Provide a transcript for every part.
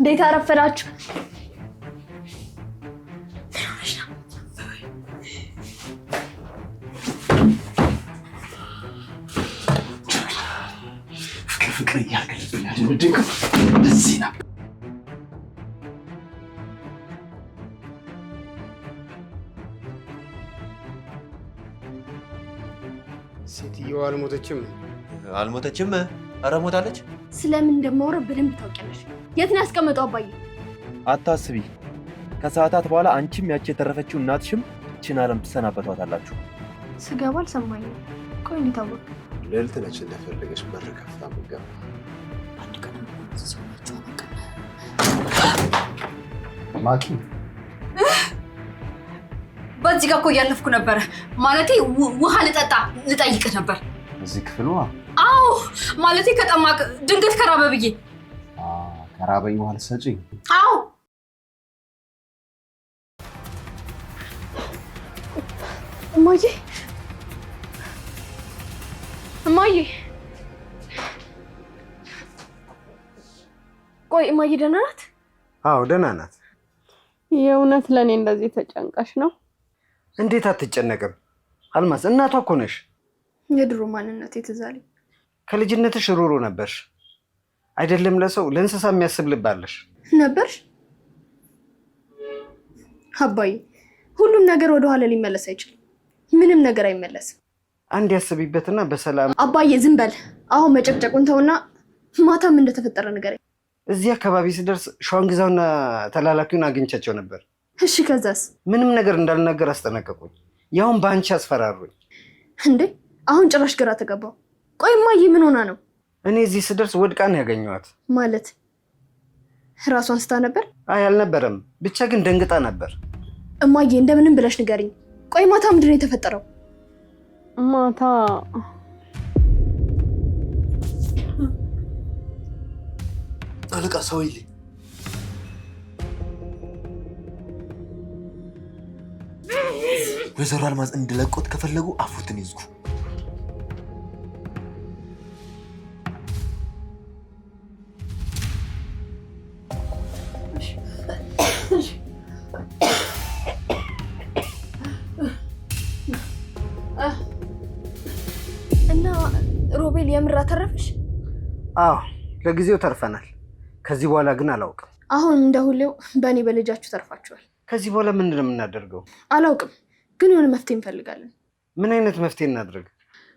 እንዴት አረፈዳችሁ? ፍቅር እያገልብናል ነው። ሴትየዋ አልሞተችም። አልሞተችም? ሞታለች። ስለምን እንደማወራ በደንብ ታውቂያለሽ። የት ነው ያስቀመጠው አባዬ? አታስቢ። ከሰዓታት በኋላ አንቺም ያቺ የተረፈችው እናትሽም ይህችን ዓለም ትሰናበቷታላችሁ። ስገባ አልሰማኝም። ቆይ እንዴት አወቅህ? ልዕልት ነች እንደፈለገች በር ከፍታ ምገባ አንድ ቀን ማኪ በዚህ ጋር እኮ እያለፍኩ ነበረ። ማለቴ ውሃ ልጠጣ ልጠይቅህ ነበር እዚህ ክፍል። አዎ ማለቴ ከጠማቅ ድንገት ከራበ ብዬ ከራበኝ በኋላ ሰጪ። አዎ እማዬ፣ እማዬ፣ ቆይ እማዬ ደህና ናት? አዎ ደህና ናት። የእውነት ለእኔ እንደዚህ ተጨንቀሽ ነው? እንዴት አትጨነቅም አልማዝ፣ እናቷ እኮ ነሽ። የድሮ ማንነት የትዛለኝ። ከልጅነትሽ ሩሩ ነበርሽ። አይደለም ለሰው ለእንስሳ የሚያስብ ልብ አለሽ ነበር አባዬ ሁሉም ነገር ወደኋላ ሊመለስ አይችልም። ምንም ነገር አይመለስም። አንድ ያስቢበትና በሰላም አባዬ ዝም በል አሁን መጨቅጨቁን ተውና ማታም እንደተፈጠረ ነገር እዚህ አካባቢ ስደርስ ሸዋንግዛውና ተላላኪውን አግኝቻቸው ነበር። እሺ ከዛስ? ምንም ነገር እንዳልናገር አስጠነቀቁኝ። ያሁን በአንቺ አስፈራሩኝ። እንዴ አሁን ጭራሽ ግራ ተገባው። ቆይማ ይህ ምን ሆና ነው? እኔ እዚህ ስደርስ ወድቃ ነው ያገኘኋት። ማለት ራሱ አንስታ ነበር? አይ አልነበረም፣ ብቻ ግን ደንግጣ ነበር። እማዬ እንደምንም ብለሽ ንገሪኝ። ቆይ ማታ ምንድን ነው የተፈጠረው? ማታ አለቃ ሰውዬ ወይዘሮ አልማዝ እንድለቆት ከፈለጉ አፉትን ይዝጉ። የምር አተረፍሽ? አዎ ለጊዜው ተርፈናል። ከዚህ በኋላ ግን አላውቅም። አሁን እንደሁሌው በእኔ በልጃችሁ ተርፋችኋል። ከዚህ በኋላ ምንድን ነው የምናደርገው? አላውቅም፣ ግን የሆነ መፍትሄ እንፈልጋለን። ምን አይነት መፍትሄ እናድርግ?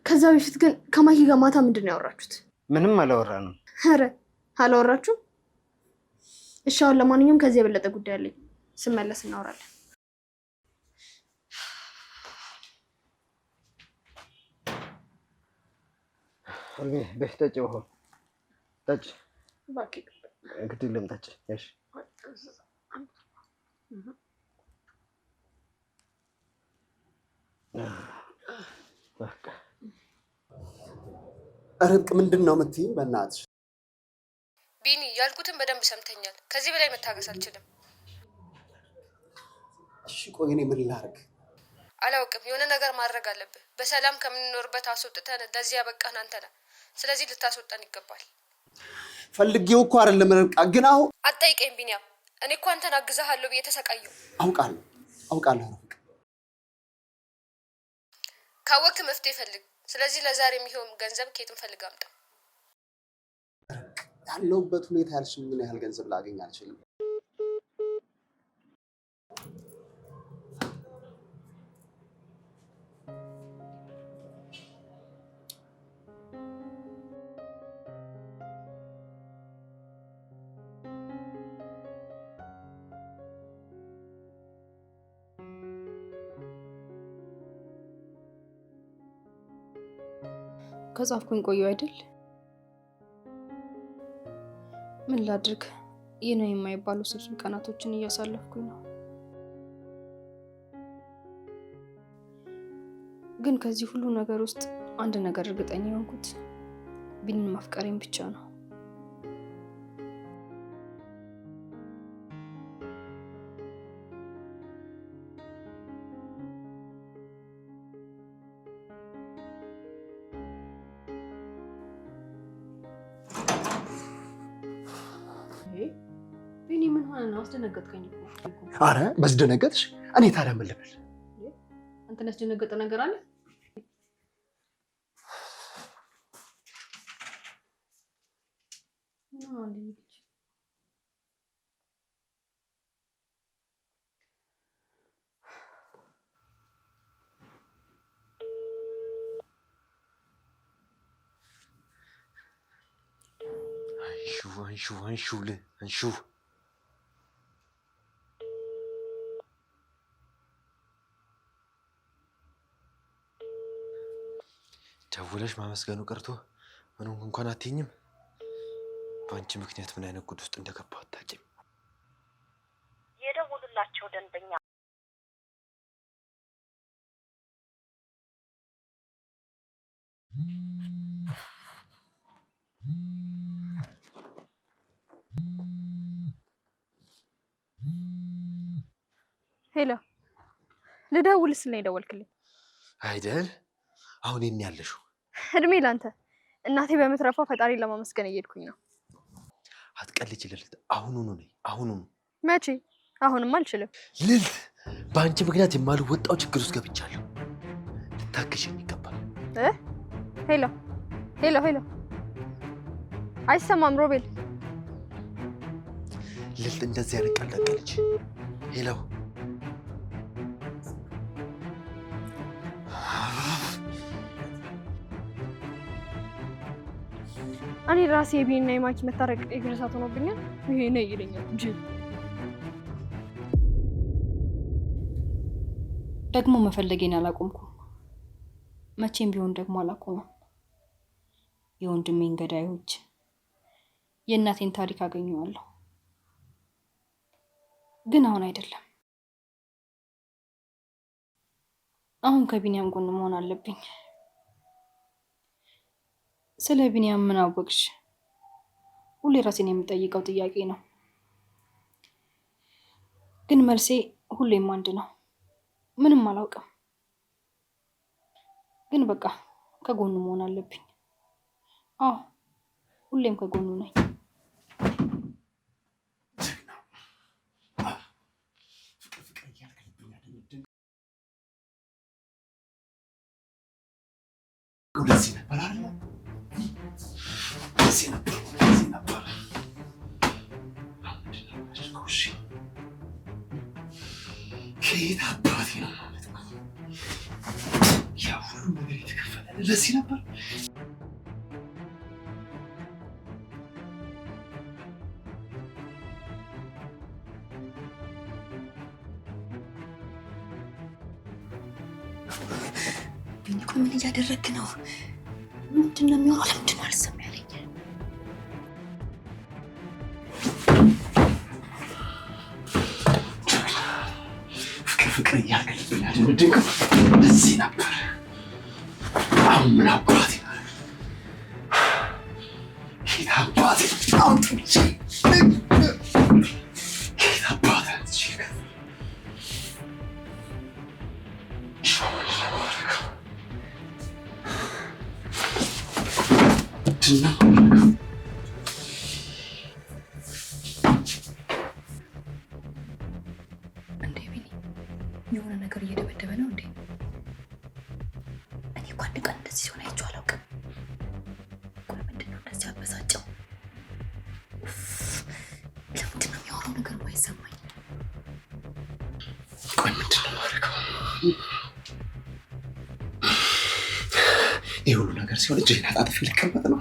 ከዛ በፊት ግን ከማሂ ጋር ማታ ምንድን ነው ያወራችሁት? ምንም አላወራንም። ኧረ አላወራችሁም? እሺ አሁን ለማንኛውም ከዚህ የበለጠ ጉዳይ አለኝ፣ ስመለስ እናወራለን። በሽ ጠጭ በሆን ጠጭ እንግዲህ ልም ጠጭ እሺ ርብቅ ምንድን ነው የምትይኝ? በእናትሽ ቢኒ ያልኩትን በደንብ ሰምተኛል። ከዚህ በላይ መታገስ አልችልም። እሺ ቆይ እኔ ምን ላድርግ አላውቅም። የሆነ ነገር ማድረግ አለብህ። በሰላም ከምንኖርበት አስወጥተን ለዚህ ያበቃህን አንተ ነህ። ስለዚህ ልታስወጣን ይገባል። ፈልጌው እኮ አይደለም ርብቃ፣ ግን አሁን አጠይቀኝ ቢኒያም። እኔ እኮ አንተን አግዛሃለሁ ብዬ ተሰቃየሁ። አውቃለሁ አውቃለሁ። ካወክ መፍትሄ ፈልግ። ስለዚህ ለዛሬ የሚሆን ገንዘብ ከየትም ፈልግ አምጣ። ያለውበት ሁኔታ ያልሽ ምን ያህል ገንዘብ ላገኝ አልችልም። ከጻፍኩኝ ቆዩ አይደል? ምን ላድርግ፣ ይህ ነው የማይባሉ ስብስብ ቀናቶችን እያሳለፍኩኝ ነው። ግን ከዚህ ሁሉ ነገር ውስጥ አንድ ነገር እርግጠኛ የሆንኩት ቢኒን ማፍቀሬን ብቻ ነው። አስደነገጥከኝ። አረ በስደነገጥሽ እኔ ታዲያ ምን ልበል? አንተን ያስደነገጠ ነገር አለ? አንሹ አንሹ አንሹ ደውለሽ ማመስገኑ ቀርቶ ምንም እንኳን አትኝም። በአንቺ ምክንያት ምን አይነት ጉድ ውስጥ እንደገባሁ አታውቂም። የደውሉላቸው ደንበኛ ሄሎ፣ ልደውልስ ነው የደወልክልኝ አይደል? አሁን ይህን ያለሽው እድሜ ላንተ። እናቴ በምትረፋ ፈጣሪ ለማመስገን እየሄድኩኝ ነው። አትቀልጅ ልልት፣ አሁኑኑ ነይ። አሁኑኑ መቼ? አሁንም አልችልም ልል በአንቺ ምክንያት የማልወጣው ችግር ውስጥ ገብቻለሁ። ልታግሽኝ ይገባል። ሄሎ ሄሎ ሄሎ፣ አይሰማም ሮቤል። ልልት እንደዚህ አይነት ቀልድ አትቀልጅ። ሄሎ እኔ ራሴ የቢኒና የማኪ መታረቅ የእግር ሆኖብኛል። ይሄ ነ ይለኛል እንጂ ደግሞ መፈለጌን አላቆምኩም። መቼም ቢሆን ደግሞ አላቆመም። የወንድሜን ገዳዮች፣ የእናቴን ታሪክ አገኘዋለሁ። ግን አሁን አይደለም። አሁን ከቢኒያም ጎን መሆን አለብኝ። ስለ ቢንያም ምን አወቅሽ? ሁሌ ራሴን የምጠይቀው ጥያቄ ነው፣ ግን መልሴ ሁሌም አንድ ነው። ምንም አላውቅም፣ ግን በቃ ከጎኑ መሆን አለብኝ። አዎ ሁሌም ከጎኑ ነኝ። ከየት አባቴ ነው ማለት ነው? ያ ሁሉ ነገር የተከፈለ ለዚህ ነበር። ምን እያደረግህ ነው? ምንድን ነው የሚሆነው? ለምንድን ነው አልሰማሁም? ድንቅ እዚህ ነበር። አሁን ምን አባቴ ሄድ አባቴ አውጥቼ እንኳን አንድ ቀን እንደዚህ ሲሆን አይቼው አላውቅም። ቆይ ምንድን ነው እንደዚህ ያበሳጨው? ለምንድን ነው የሚያወራው ነገር ማይሰማኝ? ቆይ ምንድን ነው ማድረገው? ይህ ሁሉ ነገር ሲሆን እጅ ናጣጥፍ ልቀመጥ ነው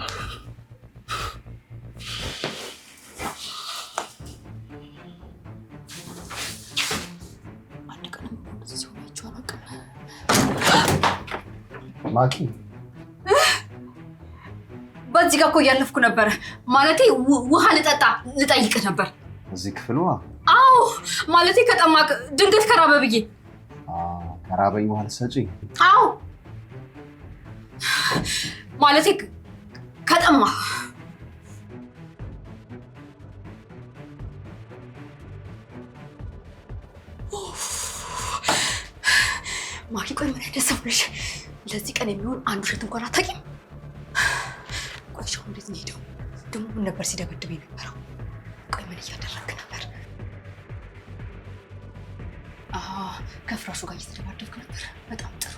ማኪ በዚህ ጋር እኮ እያለፍኩ ነበረ። ማለቴ ውሃ ልጠጣ ልጠይቅ ነበር። እዚህ ክፍል ውሃ? አዎ፣ ማለቴ ከጠማቅ ድንገት ከራበ ብዬ ከራበኝ ውሃ ልትሰጪኝ? አዎ፣ ማለቴ ከጠማ ማኪ ቆይ ምን አይነት ሰው ነሽ? ለዚህ ቀን የሚሆን አንድ ውሸት እንኳን አታውቂም። ቆይሻው እንዴት ነው ሄደው ደግሞ ምን ነበር ሲደበድብ የነበረው? ቆይ ምን እያደረግክ ነበር? ከፍራሹ ጋር እየተደባደብክ ነበር። በጣም ጥሩ።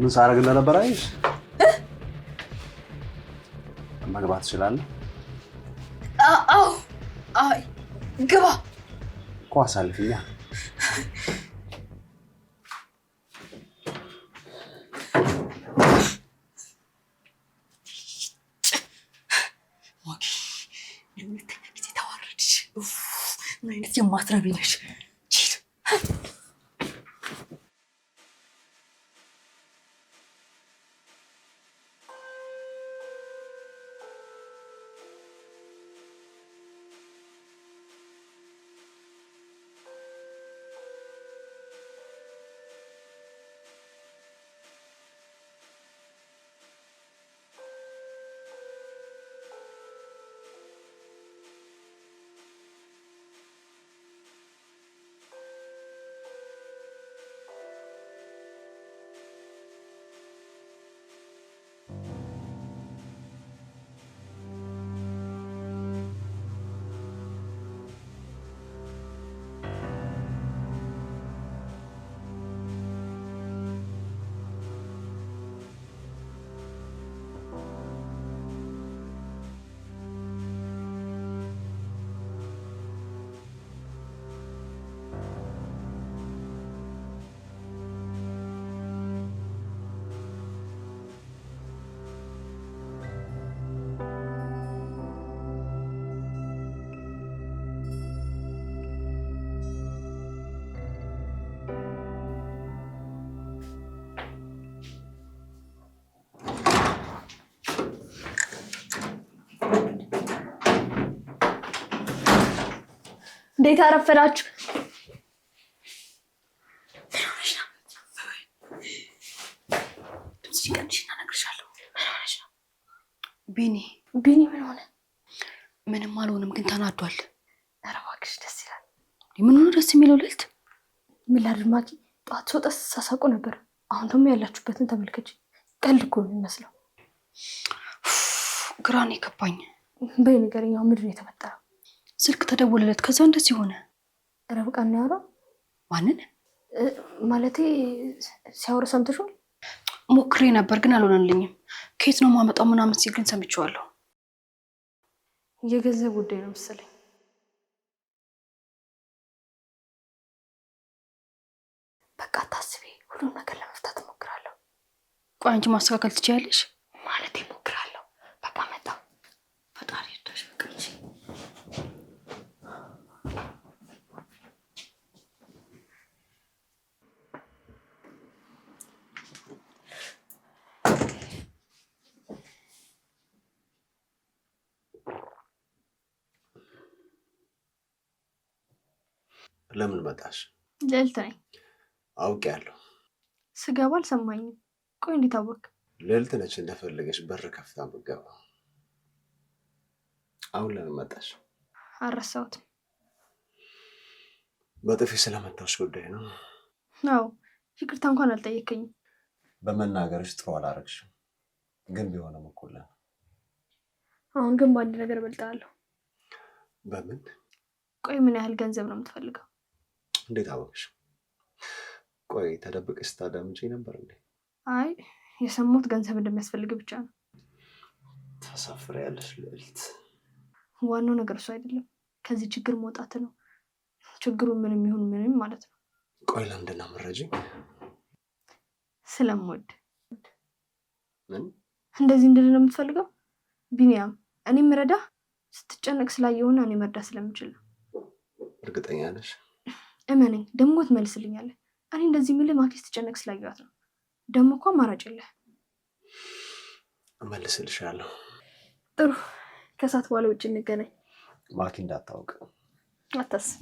ምን ሳደርግ እንደነበር አይሽ መግባት ትችላለህ። አዎ ግባ። እኮ አሳልፍኛ ምን አይነት የማትረቢ ነሽ! እንዴት አረፈዳችሁ? ቢኒ ቢኒ፣ ምን ሆነ? ምንም አልሆንም፣ ግን ተናዷል። ኧረ እባክሽ ደስ ይላል። ምን ሆነ ደስ የሚለው? ልልት? ምን ላድርግ ማኪ፣ ጠዋት ሰው ጠስ ሳሳቁ ነበር። አሁን ደግሞ ያላችሁበትን ተመልከች። ቀልድ እኮ ነው የሚመስለው። ግራ የገባኝ። በይ ንገረኝ፣ ምንድን ነው የተፈጠረው? ስልክ ተደወለለት። ከዛ እንደዚህ ሆነ። ረብቃን ነው ያወራው። ማንን ማለቴ? ሲያወራ ሰምተሽዋል? ሞክሬ ነበር ግን አልሆነልኝም። ከየት ነው ማመጣው ምናምን ሲል ግን ሰምቼዋለሁ። የገንዘብ ጉዳይ ነው መሰለኝ። በቃ ታስቤ ሁሉም ነገር ለመፍታት እሞክራለሁ። ቆይ አንቺ ማስተካከል ትችያለሽ? ማለቴ ለምን መጣሽ? ልዕልት ነኝ። አውቄያለሁ። ስገባ አልሰማኝም። ቆይ እንዴት አወቅ? ልዕልት ነች እንደፈለገች በር ከፍታ ምገባ። አሁን ለምን መጣሽ? አልረሳሁትም። በጥፊ ስለመታሽ ጉዳይ ነው? አዎ። ይቅርታ እንኳን አልጠየከኝም። በመናገርሽ ጥሩ አላረግሽም፣ ግን ቢሆንም እኩል ነን። አሁን ግን በአንድ ነገር እበልጥሃለሁ። በምን? ቆይ ምን ያህል ገንዘብ ነው የምትፈልገው? እንዴት አወቅሽ? ቆይ ተደብቀሽ ስታዳምጪ ነበር እንዴ? አይ የሰሙት ገንዘብ እንደሚያስፈልግ ብቻ ነው። ታሳፍሪያለሽ ልዕልት። ዋናው ነገር እሱ አይደለም፣ ከዚህ ችግር መውጣት ነው። ችግሩ ምንም ይሁን ምንም ማለት ነው። ቆይ ለምንድን ነው የምትረጂኝ? ስለምወድ። ምን እንደዚህ እንድል ነው የምትፈልገው? ቢኒያም፣ እኔ ምረዳ ስትጨነቅ ስላየሆነ እኔ መርዳ ስለምችል ነው። እርግጠኛ ነሽ? እመነኝ ደግሞ ትመልስልኛለህ። እኔ እንደዚህ የሚል ማክሊት ትጨነቅ ስላየኋት ነው። ደግሞ እኮ አማራጭ የለህ። እመልስልሻለሁ። ጥሩ ከሰዓት በኋላ ውጭ እንገናኝ። ማኪ እንዳታውቅ አታስብ።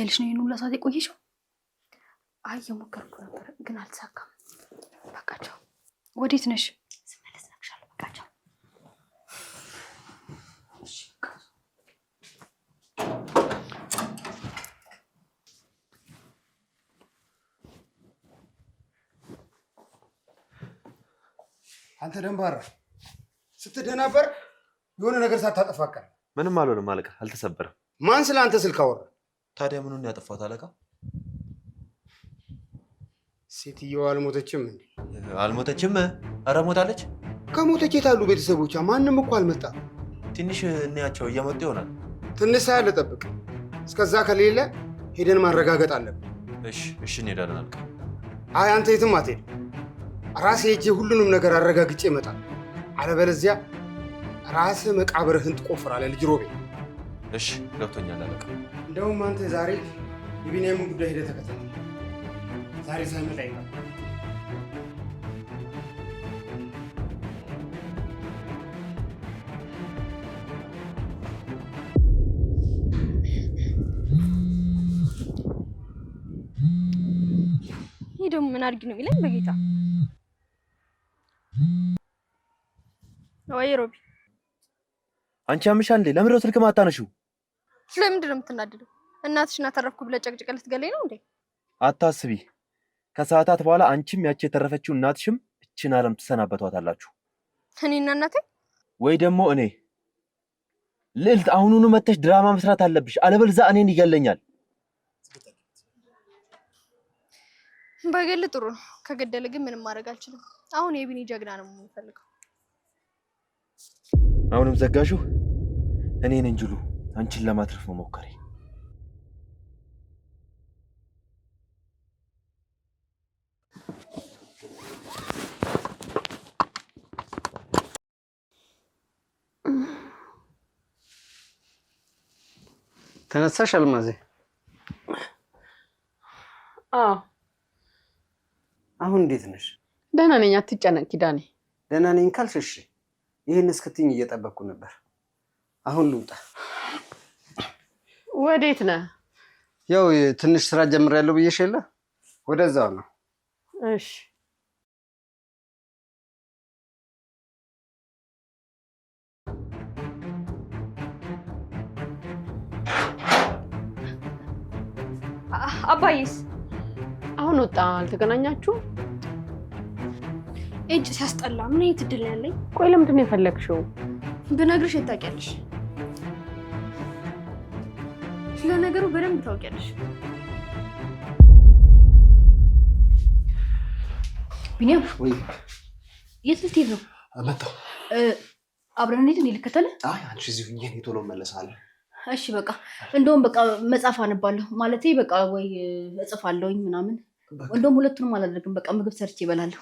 ሳይልሽ ነው ይሄን ሁላ ሰዓት የቆየሽው? አይ የሞከርኩ ነበር ግን አልተሳካም። በቃቸው። ወዴት ነሽ? አንተ ደንባራ ስትደናበር የሆነ ነገር ሳታጠፋ ምንም አልሆንም አለቃ። አልተሰበረም። ማን ስለ አንተ ስልክ አወራ? ታዲያ ምኑን ያጠፋት አለቃ? ሴትየዋ አልሞተችም እንዴ? አልሞተችም። አረ ሞታለች። ከሞተች የታሉ ቤተሰቦቿ? ማንም እኮ አልመጣ። ትንሽ እንያቸው፣ እየመጡ ይሆናል። ትንሽ ሳያለ ጠብቅ። እስከዛ ከሌለ ሄደን ማረጋገጥ አለብን። እሺ፣ እሺ፣ እንሄዳለን አልቃ። አይ አንተ የትም አትሄድ። ራሴ ሄጄ ሁሉንም ነገር አረጋግጬ ይመጣል። አለበለዚያ ራስህ መቃብርህን ትቆፍራለህ ልጅ ሮቤ። እሺ ገብቶኛል አለቃ። እንደውም አንተ ዛሬ የቢንያምን ጉዳይ ሄደህ ተከታተል። ዛሬ ሳይመጣ ይቀር። ይህ ምን አድርጊ ነው የሚለኝ? በጌታ ወይ ሮቢ አንቺ አምሻ እንዴ? ለምንድነው ስልክ ማታነሽው? ስለምንድን ነው የምትናደደው? እናትሽን አተረፍኩ ብለህ ጨቅጭቅ ልትገለኝ ነው እንዴ? አታስቢ። ከሰዓታት በኋላ አንቺም ያቺ የተረፈችው እናትሽም እችን ዓለም ትሰናበቷታላችሁ። እኔና እናቴ ወይ ደግሞ እኔ ልዕልት፣ አሁኑኑ መተሽ ድራማ መስራት አለብሽ፣ አለበለዚያ እኔን ይገለኛል። ባይገል ጥሩ ነው። ከገደለ ግን ምንም ማድረግ አልችልም። አሁን የቢኒ ጀግና ነው የሚፈልገው። አሁንም ዘጋሹ እኔን እንጅሉ አንቺን ለማትረፍ መሞከሬ ተነሳሽ አልማዜ? አዎ። አሁን እንዴት ነሽ? ደህና ነኝ፣ አትጨነቅ ኪዳኔ። ደህና ነኝ ካልሽ እሺ። ይህን እስክትኝ እየጠበቅኩ ነበር። አሁን ልውጣ። ወዴት ነህ? ያው ትንሽ ስራ ጀምሬያለሁ ብዬሽ የለ ወደዛው ነው። እሺ አባይስ አሁን ወጣ። አልተገናኛችሁም? እጅ ሲያስጠላ ምን ትድል ያለኝ። ቆይ ለምንድን ነው የፈለግሽው? ብነግርሽ የታውቂያለሽ ስለ ነገሩ በደንብ ታውቂያለሽ። ቢኒያም የት ልትሄድ ነው? መጣሁ። አብረን እንሂድ። እኔ ልከተልህ። አይ አንቺ እዚሁ እኔ ቶሎ እመለሳለሁ። እሺ በቃ እንደውም በቃ መጽሐፍ አነባለሁ ማለት በቃ ወይ እጽፋለሁኝ ምናምን። እንደውም ሁለቱንም አላደርግም። በቃ ምግብ ሰርቼ እበላለሁ።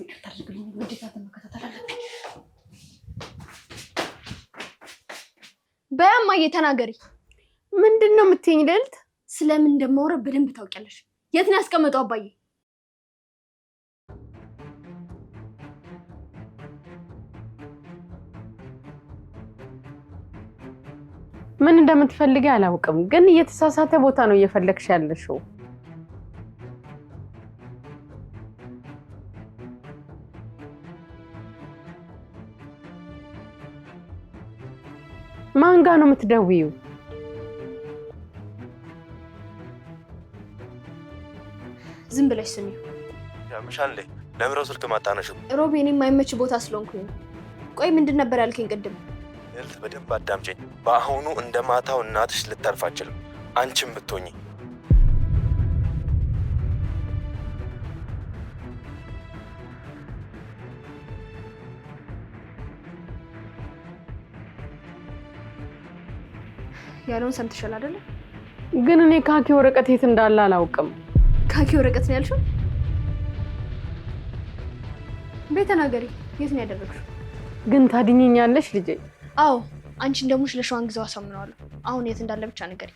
ይቅርታ አድርግልኝ፣ መከታተል አለብኝ በያማ እየተናገሪ ምንድን ነው የምትይኝ? ልዕልት ስለምን እንደማወራ በደንብ ታውቂያለሽ። የት ነው ያስቀመጠው አባዬ? ምን እንደምትፈልገ አላውቅም፣ ግን እየተሳሳተ ቦታ ነው እየፈለግሽ ያለሽው። ማን ጋ ነው የምትደውዩ? ዝም ብለሽ ስሚ። ያምሻል ለምረው ስልክ ማታነሽም? ሮቢ፣ እኔ የማይመች ቦታ ስለሆንኩኝ ቆይ ምንድን ነበር ያልከኝ ቅድም? እልፍ፣ በደንብ አዳምጪኝ። በአሁኑ እንደ ማታው እናትሽ ልታርፍ አችልም፣ አንቺም ብትሆኚ ያለውን ሰምተሻል አይደለ? ግን እኔ ካኪ ወረቀት የት እንዳለ አላውቅም። ካኪ ወረቀት ነው ያልሽው? ቤት ተናገሪ፣ የት ነው ያደረግሽው? ግን ታድኝኛለሽ ልጄ። አዎ አንቺን ደግሞ ስለሸዋን ጊዜው አሳምነዋለሁ። አሁን የት እንዳለ ብቻ ንገሪ።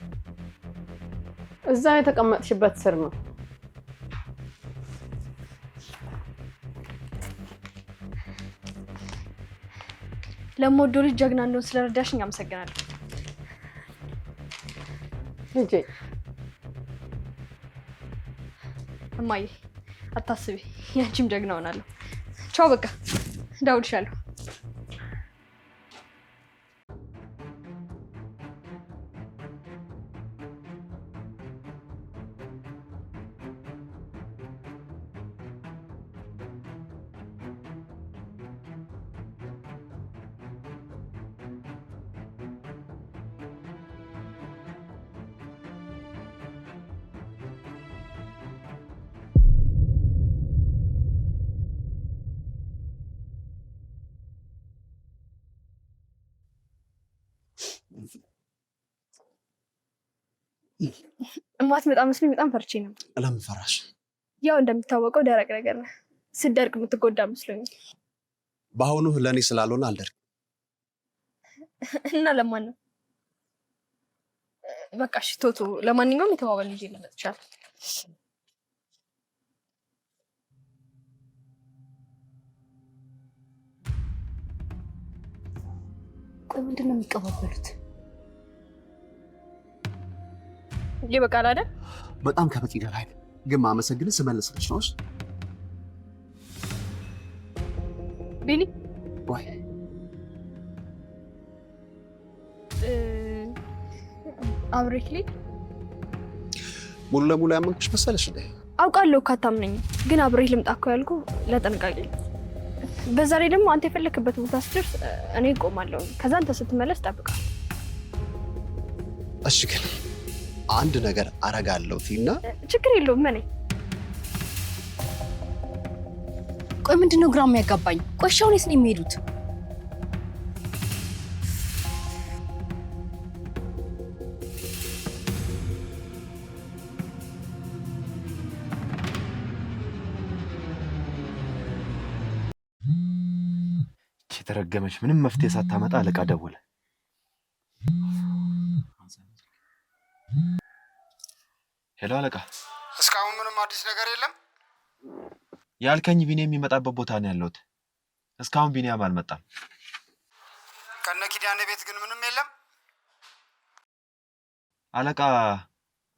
እዛ የተቀመጥሽበት ስር ነው። ለምወደው ልጅ ጀግና እንደሆን ስለረዳሽኝ አመሰግናለሁ። ልጄ እማዬ አታስቢ፣ ያንቺም ጀግና ሆናለሁ። ቻው፣ በቃ እደውልልሻለሁ። የማትመጣ መስሎኝ በጣም ፈርቼ ነበር። ለምን ፈራሽ? ያው እንደሚታወቀው ደረቅ ነገር ነ ስደርቅ የምትጎዳ መስሎኝ። በአሁኑ ለእኔ ስላልሆነ አልደርግም። እና ለማን ነው? በቃ እሺ ቶቶ፣ ለማንኛውም የተባባል ልጅ ልመጥ ቆይ ምንድን ነው የሚቀባበሉት? ይበቃል አይደል? በጣም ከበቂ በላይ ግን ማመሰግን ስመልስልሽ ነው። እሺ ቢኒ ወይ አብሬክ ልሂድ። ሙሉ ለሙሉ ያመንኩሽ መሰለሽ እንዴ? አውቃለሁ ካታምነኝ፣ ግን አብሬህ ልምጣ እኮ ያልኩህ ለጥንቃቄ። በዛ ላይ ደግሞ አንተ የፈለክበት ቦታ ስትደርስ እኔ እቆማለሁ። ከዛ አንተ ስትመለስ ጠብቃለሁ። እሺ ግን አንድ ነገር አረጋለሁ ሲና ችግር የለውም እኔ ቆይ ምንድን ነው ግራ የሚያጋባኝ? ቆይ የት ነው የሚሄዱት? የተረገመች ምንም መፍትሄ ሳታመጣ አለቃ ደውለ ሄሎ አለቃ፣ እስካሁን ምንም አዲስ ነገር የለም ያልከኝ? ቢኔ የሚመጣበት ቦታ ነው ያለሁት። እስካሁን ቢኒያም አልመጣም። ከነ ኪዳኔ ቤት ግን ምንም የለም አለቃ።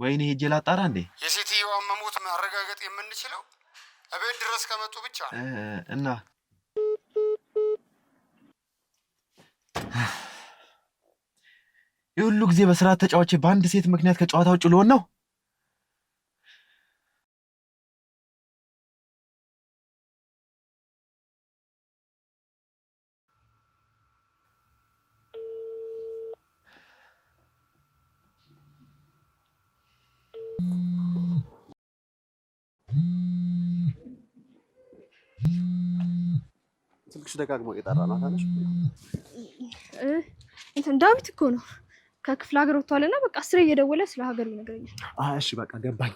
ወይኔ ሄጄ ላጣራ እንዴ? የሴትየዋን መሞት ማረጋገጥ የምንችለው እቤት ድረስ ከመጡ ብቻ ነው። እና የሁሉ ጊዜ በስርዓት ተጫዋቼ በአንድ ሴት ምክንያት ከጨዋታ ውጭ ልሆን ነው። ስልክሽ ደጋግሞ እየጠራ ነው ታለሽ። እንትን ዳዊት እኮ ነው ከክፍለ ሀገር ወጥቷል እና በቃ አስሬ እየደወለ ስለ ሀገሩ ይነግረኛል። እሺ በቃ ገባኝ።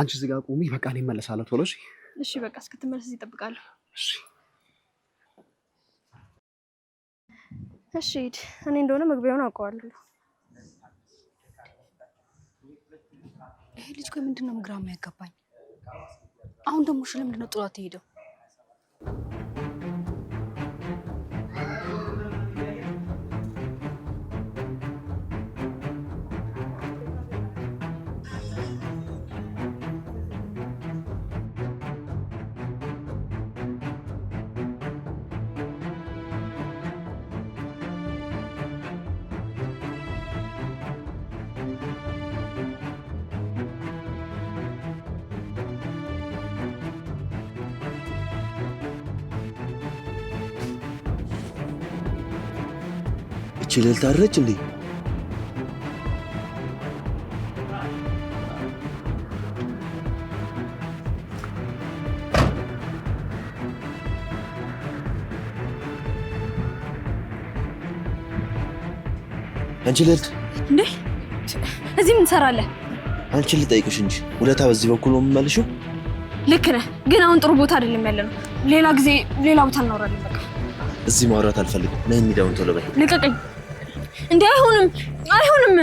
አንቺ እዚህ ጋር ቁሚ፣ በቃ እኔ እመለሳለሁ ቶሎ። እሺ እሺ፣ በቃ እስክትመለስ እዚህ እጠብቃለሁ። እሺ እሺ፣ ሂድ። እኔ እንደሆነ መግቢያውን አውቀዋለሁ። ይሄ ልጅ ቆይ ምንድን ነው ግራ የሚያገባኝ? አሁን ደግሞ እሺ፣ ለምንድን ነው ጥሏት የሄደው? እቺ ልዕልት አደረች እንዴ? አንቺ ልዕልት እንዴ! እዚህ ምን ትሰራለህ? አንቺን ልጠይቅሽ እንጂ ውለታ በዚህ በኩል ነው የምመልሽው። ልክ ነህ፣ ግን አሁን ጥሩ ቦታ አይደለም ያለ ነው። ሌላ ጊዜ ሌላ ቦታ እናወራለን። በቃ እዚህ ማውራት አልፈልግም። ነይ የሚዳውን ቶሎ በይ። ልቀቀኝ። እንዴ! አይሆንም፣ አይሆንም።